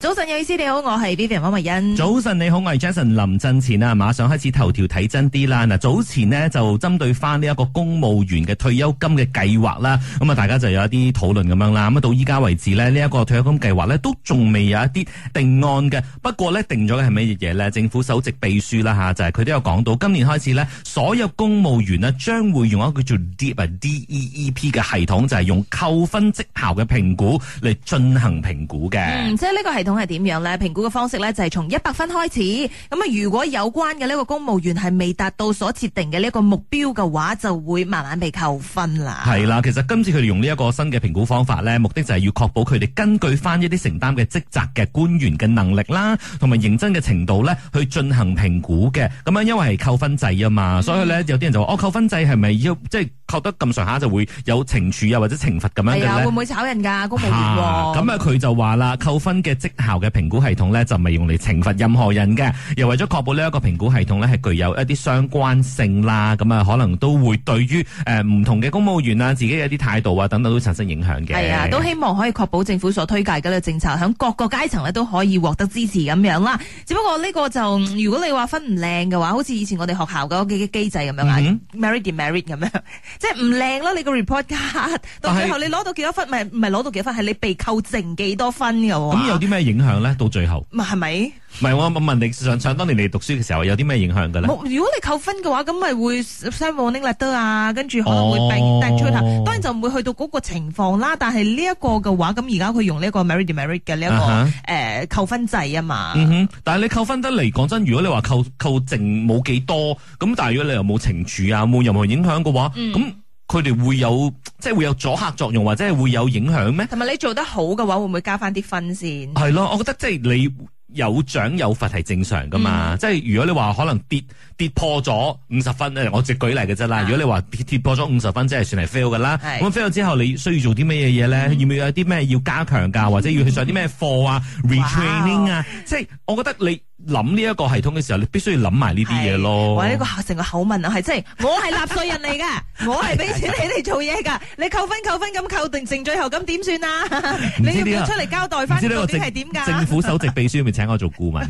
早晨，有意思，你好，我係 Vivian 方慧欣。早晨，你好，我係 Jason。林振前啊，馬上開始頭條睇真啲啦。嗱，早前呢，就針對翻呢一個公務員嘅退休金嘅計劃啦，咁啊，大家就有一啲討論咁樣啦。咁啊，到依家為止呢，呢、這、一個退休金計劃呢，都仲未有一啲定案嘅。不過呢，定咗嘅係乜嘢嘢呢？政府首席秘書啦吓，就係、是、佢都有講到，今年開始呢，所有公務員呢，將會用一個叫做 Deep D E E P 嘅系統，就係、是、用扣分績效嘅評估嚟進行評估嘅、嗯。即係呢個係。總係點樣咧？評估嘅方式咧就係從一百分開始。咁啊，如果有關嘅呢個公務員係未達到所設定嘅呢一個目標嘅話，就會慢慢被扣分啦。係啦，其實今次佢哋用呢一個新嘅評估方法咧，目的就係要確保佢哋根據翻一啲承擔嘅職責嘅官員嘅能力啦，同埋認真嘅程度咧，去進行評估嘅。咁樣因為係扣分制啊嘛、嗯，所以咧有啲人就話：我、哦、扣分制係咪要即係扣得咁上下就會有懲處啊，或者懲罰咁樣嘅咧？係啊，會唔會炒人噶公務員？咁啊，佢就話啦，扣分嘅職。校嘅評估系統咧就唔係用嚟懲罰任何人嘅，又為咗確保呢一個評估系統咧係具有一啲相關性啦，咁啊可能都會對於誒唔、呃、同嘅公務員啊自己嘅一啲態度啊等等都產生影響嘅。係啊，都希望可以確保政府所推介嘅呢個政策喺各個階層咧都可以獲得支持咁樣啦。只不過呢個就如果你話分唔靚嘅話，好似以前我哋學校嘅嗰啲機制咁樣啊、嗯、married married 咁樣，即係唔靚咯。你個 report card 到最後你攞到幾多分，唔係攞到幾多分，係你被扣剩幾多分嘅。咁有啲咩？影響咧，到最後，咪係咪？唔係我問問你，想想當年你讀書嘅時候有啲咩影響嘅咧？如果你扣分嘅話，咁咪會三忘呢粒德啊，跟住可能會病跌、哦、出嚟。當然就唔會去到嗰個情況啦。但係呢一個嘅話，咁而家佢用呢一個 Married Married 嘅呢一個誒、啊呃、扣分制啊嘛。嗯、但係你扣分得嚟，講真，如果你話扣扣剩冇幾多，咁但係如果你又冇懲處啊，冇任何影響嘅話，咁、嗯。佢哋會有即係會有阻嚇作用，或者係會有影響咩？同埋你做得好嘅話，會唔會加翻啲分先？係咯，我覺得即係你有獎有罰係正常噶嘛。嗯、即係如果你話可能跌跌破咗五十分咧，我直舉例嘅啫啦。如果你話跌跌破咗五十分，即係算係 fail 噶啦。咁 fail 之後你需要做啲咩嘢嘢咧？要唔要有啲咩要加強噶，或者要去上啲咩課啊、嗯？retraining 啊，即係我覺得你。諗呢一個系統嘅時候，你必須要諗埋呢啲嘢咯。或者呢個成個口吻啊，係即係我係納稅人嚟噶， 我係俾錢你嚟做嘢噶。 你扣分扣分咁扣定剩最後咁點算啊？不你要唔要出嚟交代翻呢、呢個係點噶？政府首席秘書咪請我做顧問，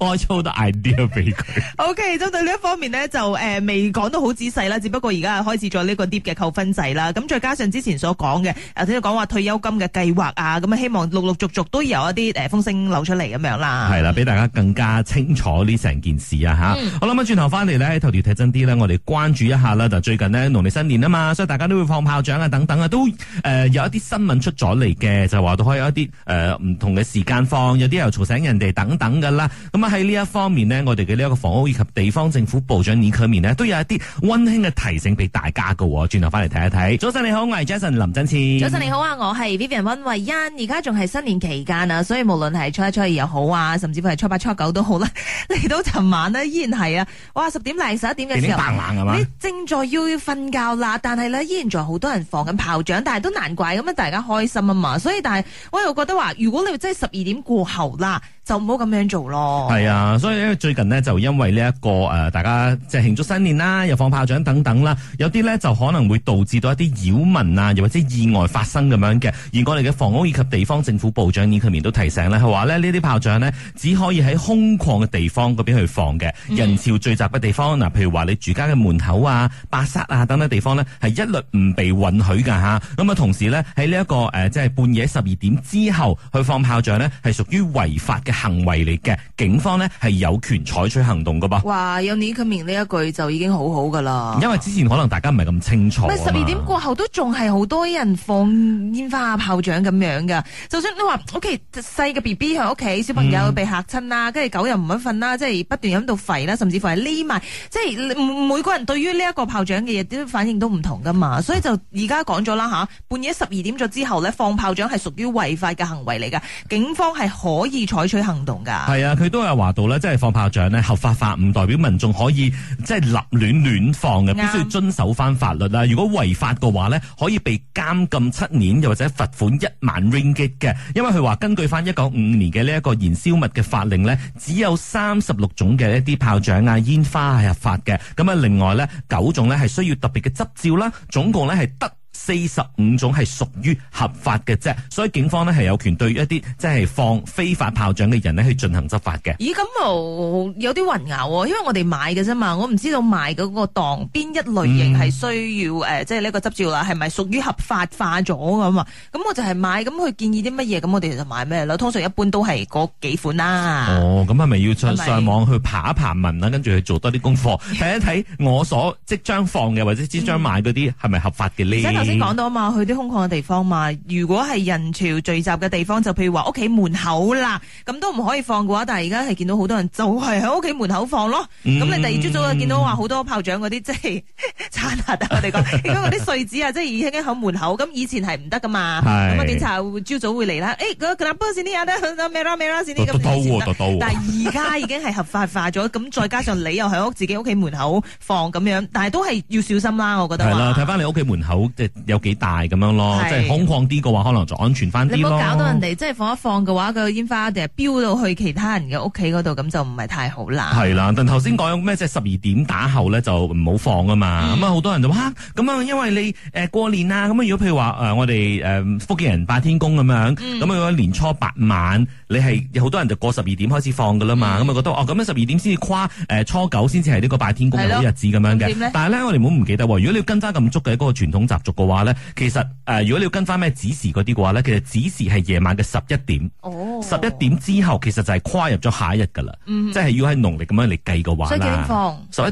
我有好多 idea 俾佢。O K，針對呢一方面咧，就誒未、呃、講到好仔細啦，只不過而家開始咗呢個 deep 嘅扣分制啦。咁再加上之前所講嘅，或、呃、到講話退休金嘅計劃啊，咁希望陸,陸陸續續都有一啲誒風聲流出嚟咁樣啦。係啦。俾大家更加清楚呢成件事啊吓。好啦咁，轉頭翻嚟咧喺頭條睇真啲咧，我哋關注一下啦。就是，最近呢，農曆新年啊嘛，所以大家都會放炮仗啊等等啊，都誒、呃、有一啲新聞出咗嚟嘅，就話到可以有一啲誒唔同嘅時間放，有啲又嘈醒人哋等等噶啦。咁啊喺呢一方面呢，我哋嘅呢一個房屋以及地方政府部長倪可敏咧，都有一啲溫馨嘅提醒俾大家嘅。轉頭翻嚟睇一睇。早晨你好，我係 Jason 林振超。早晨你好啊，我係 Vivian 溫慧欣。而家仲係新年期間啊，所以無論係初一初二又好啊，甚至佢係初八、初九都好啦，嚟到尋晚咧依然係啊！哇，十點零十一點嘅時候，點點晚你正在要瞓覺啦，但係咧依然仲有好多人放緊炮仗，但係都難怪咁啊！大家開心啊嘛，所以但係，我又覺得話，如果你真係十二點過後啦，就唔好咁樣做咯。係啊，所以最近呢，就因為呢、誒、一個大家即係慶祝新年啦，又放炮仗等等啦，有啲咧就可能會導致到一啲擾民啊，又或者意外發生咁樣嘅。而我哋嘅房屋以及地方政府部長倪可敏都提醒咧，係話咧呢啲炮仗呢。只。可以喺空曠嘅地方嗰邊去放嘅，人潮聚集嘅地方，嗱、嗯，譬如話你住家嘅門口啊、巴剎啊等等地方咧，係一律唔被允許噶吓。咁啊，同時咧喺呢一個誒，即、呃、係、就是、半夜十二點之後去放炮仗咧，係屬於違法嘅行為嚟嘅。警方咧係有權採取行動噶噃。哇，有呢句名呢一句就已經好好噶啦。因為之前可能大家唔係咁清楚。十二點過後都仲係好多人放煙花炮仗咁樣噶。就算你話 O K 細嘅 B B 喺屋企，小朋友被吓。嗯趁啊，跟住狗又唔肯瞓啦，即係不斷飲到吠啦，甚至乎係匿埋。即係每個人對於呢一個炮仗嘅嘢，啲反應都唔同噶嘛。所以就而家講咗啦吓，半夜十二點咗之後咧，放炮仗係屬於違法嘅行為嚟噶，警方係可以採取行動噶。係啊，佢都係話到咧，即係放炮仗咧合法化唔代表民眾可以即係立亂，亂亂放嘅，必須要遵守翻法律啦。如果違法嘅話咧，可以被監禁七年又或者罰款一萬 ringgit 嘅。因為佢話根據翻一九五五年嘅呢一個燃燒物嘅。法令咧只有三十六種嘅一啲炮仗啊、煙花係合法嘅，咁啊另外咧九種咧係需要特別嘅執照啦，總共咧係得。四十五種係屬於合法嘅啫，所以警方呢係有權對一啲即係放非法炮仗嘅人呢去進行執法嘅。咦？咁有啲混淆喎，因為我哋買嘅啫嘛，我唔知道賣嗰個檔邊一類型係需要誒，即係呢個執照啦，係咪屬於合法化咗咁啊？咁我就係買，咁佢建議啲乜嘢，咁我哋就買咩啦？通常一般都係嗰幾款啦，啊。哦，咁係咪要上網網去爬一爬文啦，跟住去做多啲功課，睇一睇我所即將放嘅或者即將買嗰啲係咪合法嘅呢？頭先講到啊嘛，去啲空曠嘅地方嘛。如果係人潮聚集嘅地方，就譬如話屋企門口啦，咁都唔可以放嘅話。但係而家係見到好多人就係喺屋企門口放咯。咁、嗯、你第二朝早就見到話好多炮仗嗰啲， 即係燦爛啊！我哋講，而家嗰啲碎紙啊，即係已經喺門口。咁以前係唔得噶嘛。咁啊，警察朝早會嚟啦。誒、欸，嗰、那、嗱、個，不時啲有得，咪啦、哦哦、 但係而家已經係合法化咗。咁再加上你又喺屋自己屋企門口放咁樣，但係都係要小心啦。我覺得。睇翻、啊、你屋企門口有幾大咁樣咯，即係空曠啲嘅話，可能就安全翻啲咯。你冇搞到人哋，即係放一放嘅話，個煙花就係飆到去其他人嘅屋企嗰度，咁就唔係太好啦。係啦，但頭先講咩即係十二點打後咧，就唔好放啊嘛。咁、嗯、啊，好多人就話，咁啊，因為你誒、呃、過年啊，咁啊，如果譬如話誒、呃、我哋誒、呃、福建人拜天公咁樣，咁、嗯、啊年初八晚，你係、嗯、有好多人就過十二點開始放噶啦嘛。咁、嗯、啊、嗯、覺得哦，咁樣十二點先至跨誒初九先至係呢個拜天公嘅好日子咁樣嘅。但係咧，我哋唔好唔記得、呃，如果你要跟翻咁足嘅嗰、個傳統習俗。話咧，其實誒、呃，如果你要跟翻咩子時嗰啲嘅話咧，其實子時係夜晚嘅十一點，哦，十一點之後，其實就係跨入咗下一日噶、mm -hmm. 哦、啦，即係要喺農曆咁樣嚟計嘅話啦，十一點哦，十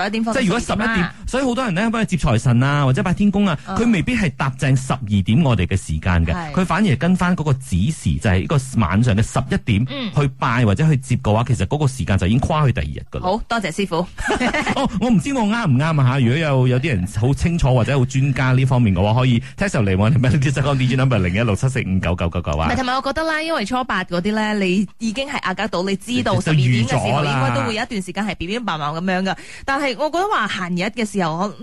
一點，即係如果十一點，所以好多人咧，幫佢接財神啊，或者拜天公啊，佢、oh. 未必係搭正十二點我哋嘅時間嘅，佢、oh. 反而係跟翻嗰個子時，就係、是、呢個晚上嘅十一點去拜或者去接嘅話，mm. 其實嗰個時間就已經跨去第二日噶啦。好多謝師傅。 哦，我唔知我啱唔啱啊吓，如果有有啲人好清楚或者好專家呢方 方面嘅話，可以 text 嚟喎，咩地址啊？電話號碼零一六七四五九九九九啊。唔係，同埋我覺得啦，因為初八嗰啲咧，你已經係壓隔到，你知道十二點嘅時候應該都會有一段時間係 BB 麻麻咁樣嘅。但係我覺得話閒日嘅時候，我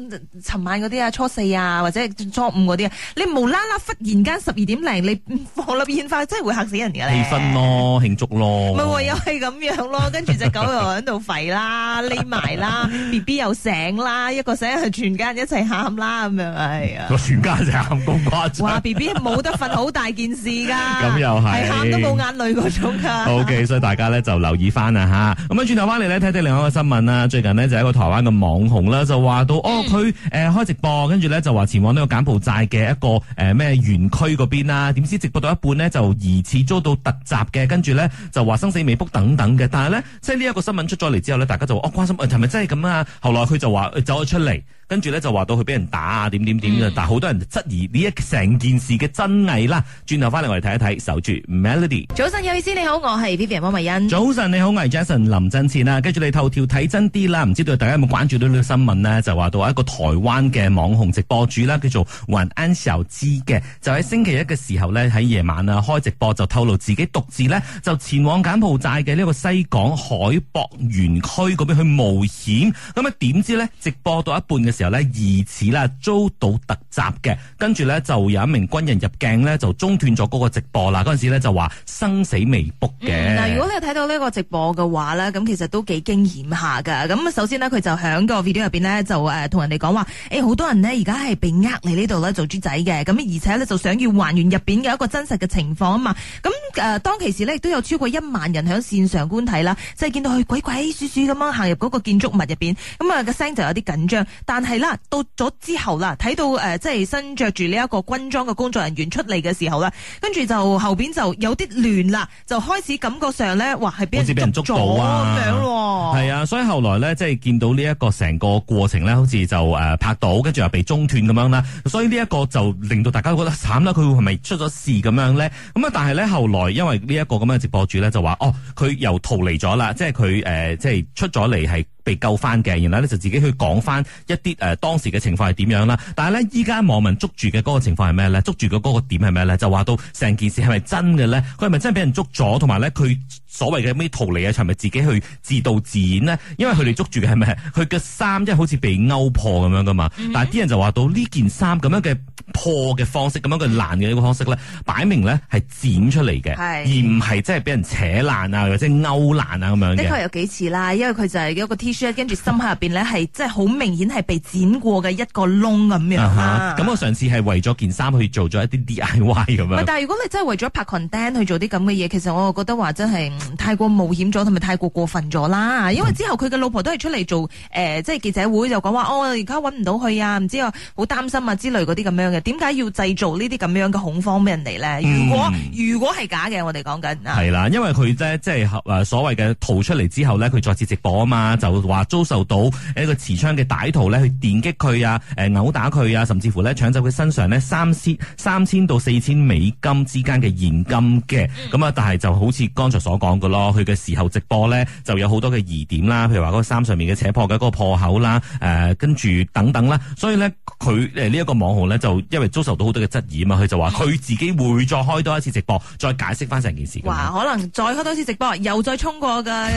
尋晚嗰啲啊，初四啊，或者初五嗰啲啊，你無啦啦忽然間十二點零，你放粒煙花，真係會嚇死人㗎咧！氣氛咯，慶祝咯，咪係又係咁樣咯，跟住隻狗又喺度吠啦，匿埋啦，BB 又醒啦，一個醒全家人一齊喊啦，咁樣係啊！個全家就喊公瓜，哇！B B 冇得瞓好大件事噶，咁又係喊都冇眼淚嗰種噶。OK，所以大家咧就留意翻啦吓。咁啊，轉頭翻嚟，咧睇睇另外一個新聞啦。最近呢，就係一個台灣嘅網紅啦，就話到哦，佢誒、呃、開直播，跟住咧就話前往呢個柬埔寨嘅一個誒咩園區嗰邊啊。點、呃、知直播到一半呢，就疑似遭到突襲嘅，跟住咧就話生死未卜等等嘅。但係咧，即係呢一個新聞出咗嚟之後咧，大家就哦關心，係、哎、咪真係咁啊？後來佢就話、哎、走咗出嚟。跟住咧就話到佢俾人打啊點點點嘅，但係好多人質疑呢一成件事嘅真偽啦。轉頭翻嚟我哋睇一睇，守住 Melody。早晨，有意思，你好，我係 Vivian 汪慧欣。早晨，你好，我係 Jason 林振前啦。跟住你頭條睇真啲啦，唔知道大家有冇關注到呢個新聞呢？就話到一個台灣嘅網紅直播主啦，叫做雲恩少之嘅，就喺星期一嘅時候呢，喺夜晚啊開直播就透露自己獨自呢，就前往柬埔寨嘅呢個西港海博園區嗰邊去冒險。咁啊點知呢？直播到一半嘅時候，然疑似啦遭到突襲嘅，跟住咧就有一名軍人入鏡，咧，就中斷咗嗰個直播啦。嗰陣時咧就話生死未卜嘅。嗱、嗯，如果你睇到呢個直播嘅話咧，咁其實都幾驚險下噶。咁啊，首先呢，佢就喺個 video 入邊呢，就誒同人哋講話，誒好多人呢，而家係被呃嚟呢度咧做豬仔嘅，咁而且呢，就想要還原入邊嘅一個真實嘅情況啊嘛。咁誒、呃、當其時呢，亦都有超過一萬人喺線上觀睇啦，即、就、係、是、見到佢鬼鬼祟祟咁樣行入嗰個建築物入邊，咁、那、啊個聲就有啲緊張，但係啦，到咗之後啦，睇到誒，即、呃、係身着住呢一個軍裝嘅工作人員出嚟嘅時候啦，跟住就後邊就有啲亂啦，就開始感覺上咧，哇，係邊好似俾人捉到啊咁樣啊。係啊，所以後來咧，即係見到呢一個成個過程咧，好似就誒、呃、拍到，跟住又被中斷咁樣啦。所以呢一個就令到大家都覺得慘啦，佢會係咪出咗事咁樣咧？咁啊，但係咧後來因為呢一個咁樣嘅直播主咧就話，哦，佢又逃離咗啦，即係佢誒，即係出咗嚟係。被救翻嘅，然後咧就自己去講翻一啲誒、呃、當時嘅情況係點樣啦。但係咧，依家網民捉住嘅嗰個情況係咩咧？捉住嘅嗰個點係咩咧？就話到成件事係咪真嘅咧？佢係咪真係俾人捉咗？同埋咧，佢所謂嘅咩逃離啊，係咪自己去自導自演呢？因為佢哋捉住嘅係咩？佢嘅衫，即係好似被勾破咁樣噶嘛。Mm -hmm. 但係啲人就話到呢件衫咁樣嘅破嘅方式，咁樣嘅爛嘅呢個方式咧，擺明咧係剪出嚟嘅，而唔係真係俾人扯爛啊，或者勾爛啊咁樣的。的確有幾似啦，因為佢就係一個、T 跟住心下入邊咧，係即係好明顯係被剪過嘅一個窿咁樣、啊。咁、啊、我上次係為咗件衫去做咗一啲 D I Y 咁樣。但係如果你真係為咗拍裙丹去做啲咁嘅嘢，其實我又覺得話真係太過冒險咗，同埋太過過分咗啦。因為之後佢嘅老婆都係出嚟做誒、呃，即係記者會就講話、哦啊：，我而家搵唔到佢啊，唔知啊，好擔心啊之類嗰啲咁樣嘅。點解要製造呢啲咁樣嘅恐慌俾人哋咧？如果、嗯、如果係假嘅，我哋講緊係啦，因為佢咧即係誒所謂嘅逃出嚟之後咧，佢再次直播啊嘛就。嗯話遭受到一個持槍嘅歹徒咧，去電擊佢啊，誒、呃、毆打佢啊，甚至乎咧搶走佢身上咧三千三千到四千美金之間嘅現金嘅，咁啊，但係就好似剛才所講嘅咯，佢嘅事後直播咧就有好多嘅疑點啦，譬如話嗰個衫上面嘅扯破嘅嗰個破口啦，誒跟住等等啦，所以咧佢誒呢一個網紅咧就因為遭受到好多嘅質疑啊嘛，佢就話佢自己會再開多一次直播，再解釋翻成件事。哇！可能再開多一次直播，又再衝過噶。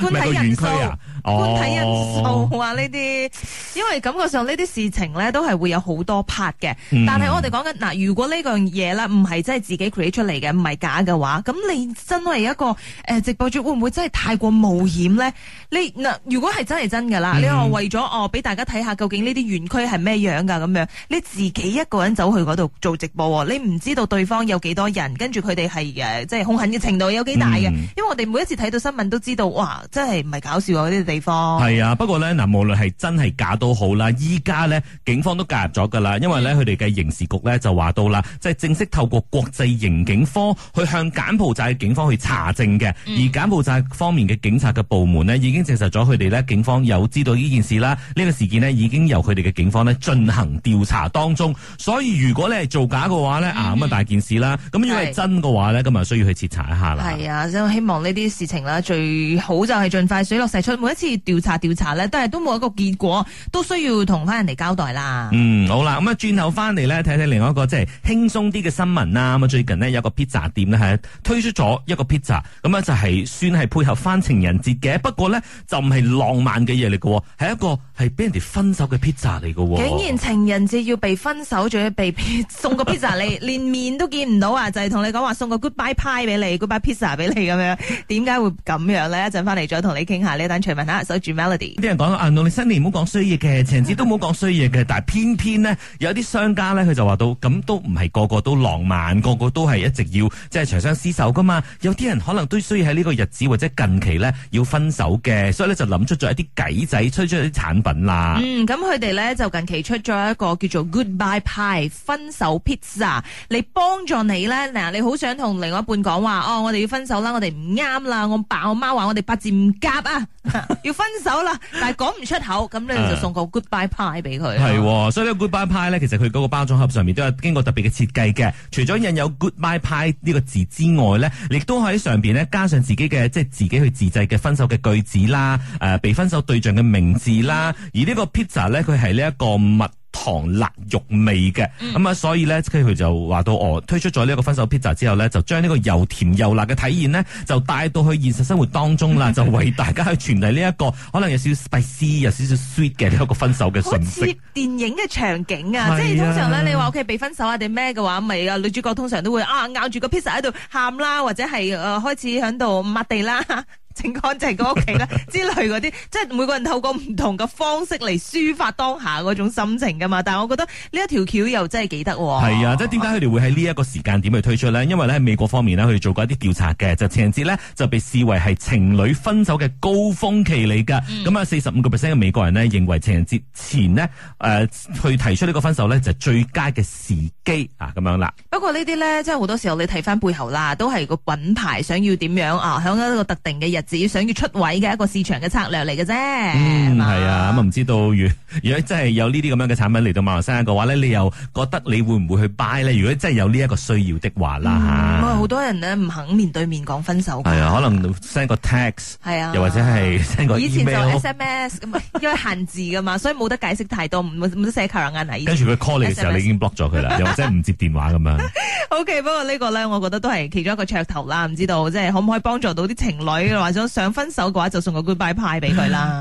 觀睇人數啊，觀睇人數啊呢啲、oh.，因為感覺上呢啲事情咧都係會有好多 part 嘅。Mm. 但係我哋講緊嗱，如果呢樣嘢啦唔係真係自己 create 出嚟嘅，唔係假嘅話，咁你身為一個誒直播主會唔會真係太過冒險咧？你嗱，如果係真係真噶啦，mm. 你話為咗哦俾大家睇下究竟呢啲園區係咩樣噶咁樣，你自己一個人走去嗰度做直播，你唔知道對方有幾多人，跟住佢哋係誒即係恐嚇嘅程度有幾大嘅，mm. 因為我哋每一次睇到新聞都知道哇。真係唔係搞笑啊！呢啲地方係啊，不過呢，嗱，無論係真係假都好啦。依家呢警方都介入咗噶啦，因為呢佢哋嘅刑事局呢就話到啦，即、就、係、是、正式透過國際刑警科去向柬埔寨嘅警方去查證嘅、嗯。而柬埔寨方面嘅警察嘅部門呢已經證實咗佢哋呢警方有知道呢件事啦。呢、這個事件呢已經由佢哋嘅警方呢進行調查當中。所以如果你係造假嘅話呢，嗯、啊咁樣大件事啦，咁如果係真嘅話呢，咁啊需要去徹查一下啦。係啊，啊啊所以希望呢啲事情啦最好。就係、是、盡快水落石出，每一次調查調查咧，都係都冇一個結果，都需要同翻人哋交代啦。嗯，好啦，咁啊轉頭翻嚟咧，睇睇另外一個即係輕鬆啲嘅新聞啦。咁啊最近咧有個 pizza 店咧係推出咗一個 pizza 咁啊就係、是、算係配合翻情人節嘅，不過咧就唔係浪漫嘅嘢嚟嘅，係一個係俾人哋分手嘅 pizza 嚟嘅。竟然情人節要被分手，仲要被送個 pizza 嚟， 連面都見唔到啊！就係、是、同你講話送個 goodbye pie 俾你，goodbye pizza 俾你咁樣，點解會咁樣咧？一陣翻。嚟再同你傾下呢單趣聞嚇，所住 Melody 啲人講啊，我哋新年唔好講衰嘢嘅，情人節都唔好講衰嘢嘅，但係偏偏呢，有啲商家咧佢就話到咁都唔係個個都浪漫，個個都係一直要即係長相厮守噶嘛。有啲人可能都需要喺呢個日子或者近期咧要分手嘅，所以咧就諗出咗一啲計仔推出啲產品啦。嗯，咁佢哋咧就近期出咗一個叫做 Goodbye Pie 分手 Pizza 你幫助你咧嗱，你好想同另外一半講話哦，我哋要分手啦，我哋唔啱啦，我爸我媽話我哋不。唔夾啊，要分手啦， 但係講唔出口，咁你就送個 Goodbye Pie 俾佢。係、嗯嗯嗯，所以呢個 Goodbye Pie 咧，其實佢嗰個包裝盒上面都有經過特別嘅設計嘅。除咗印有 Goodbye Pie 呢個字之外咧，亦都喺上邊咧加上自己嘅，即、就、係、是、自己去自製嘅分手嘅句子啦，誒、呃，被分手對象嘅名字啦。而呢個 pizza 咧，佢係呢一個物。糖辣肉味嘅，咁、嗯、啊，所以咧，佢就話到我、哦、推出咗呢一個分手 Pizza 之後咧，就將呢個又甜又辣嘅體驗呢，就帶到去現實生活當中啦，就為大家去傳遞呢一個 可能有少少 spicy、有少少 sweet 嘅一個分手嘅信息。電影嘅場景啊，啊即係通常咧，你話屋企被分手啊定咩嘅話，咪啊女主角通常都會啊咬住個 Pizza 喺度喊啦，或者係誒、呃、開始響度抹地啦。整乾淨個屋企啦，之類嗰啲， 即係每個人透過唔同嘅方式嚟抒發當下嗰種心情噶嘛。但係我覺得呢一條橋又真係幾得喎、哦。係啊，即係點解佢哋會喺呢一個時間點去推出呢？因為咧美國方面呢，佢哋做過一啲調查嘅，就情人節呢就被視為係情侶分手嘅高峰期嚟噶。咁、嗯、啊，四十五個 percent 嘅美國人呢認為情人節前呢誒、呃、去提出呢個分手呢就係最佳嘅時機啊咁樣啦。不過呢啲咧，即係好多時候你睇翻背後啦，都係個品牌想要點樣啊，喺一個特定嘅日。自己想要出位嘅一個市場嘅策略嚟嘅啫，嗯，係啊，咁啊唔知道如果如果真係有呢啲咁樣嘅產品嚟到馬來西亞嘅話咧，你又覺得你會唔會去 buy 咧？如果真係有呢一個需要的話啦嚇，好、嗯啊、多人咧唔肯面對面講分手，係啊，可能 send 個 text，係啊，又或者係 send 個 email，以前就 SMS 咁 因為限字噶嘛，所以冇得解釋太多，冇冇寫 c o l 跟住佢 call 你嘅時候，SMS? 你已經 block 咗佢啦， 又或者唔接電話咁樣。OK，不過這個呢個咧，我覺得都係其中一個噱頭啦。唔知道即係、就是、可唔可以幫助到啲情侶或者？ 想分手嘅話，就送個 goodbye 牌俾佢啦。